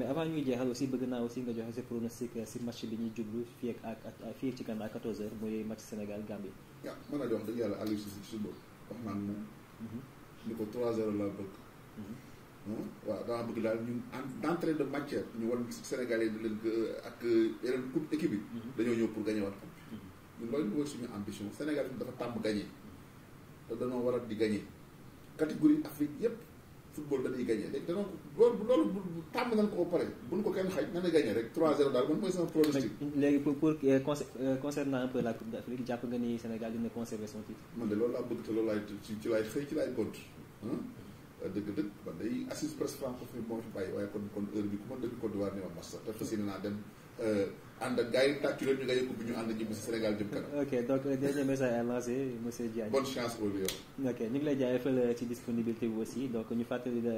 mais avant ñuy jeexal aussi bëgg naa aussi nga joxe sa pronostic euh, si match bi ñuy jublu fii ak ak fii ci Ghana 14h mooy match Sénégal Gambie. waaw mën a jox dëgg yàlla Aliou si suba wax naa moom. Mhm. ni ko trois 0 laa bëgg. Mhm. waaw dama bëgg daal ñu d'entrée de matière ñu war wan Sénégalais di leen euh, ak euh, yeneen coupe équipe yi. Mhm. dañoo ñëw pour gagné waat coupe bi. ñun suñu ambition Sénégal dafa tàmm gagné te danoo war a di gagné catégorie Afrique yépp football dañuy gagné léegi danoon loolu loolu tàmm nañ ko ba pare buñ ko kenn xaj nan a gagné rek 3-0 daal man mooy sama pronostic léegi pour pour euh, euh, concernant un peu la coupe d'Afrique jàpp nga ni Sénégal dina conserver son man de loolu laa bëgg te loolu laay ci ci laay xëy ci laay gont euh, dëgg dëgg man day assise presse francophone moo fi bàyyi waaye kon kon heure bi ku ma dëgg Côte d'Ivoire ni ma mos sax te fas yéene naa dem ànd ak gars yi tàccu ñu ngay yëpp bi ñu ànd jëm si Sénégal jëm kanam. ok donc euh, dernier message à lancer monsieur Diagne. bonne chance au lion. ok ñu ngi lay jaay fële ci disponibilité bi aussi donc ñu fàttali.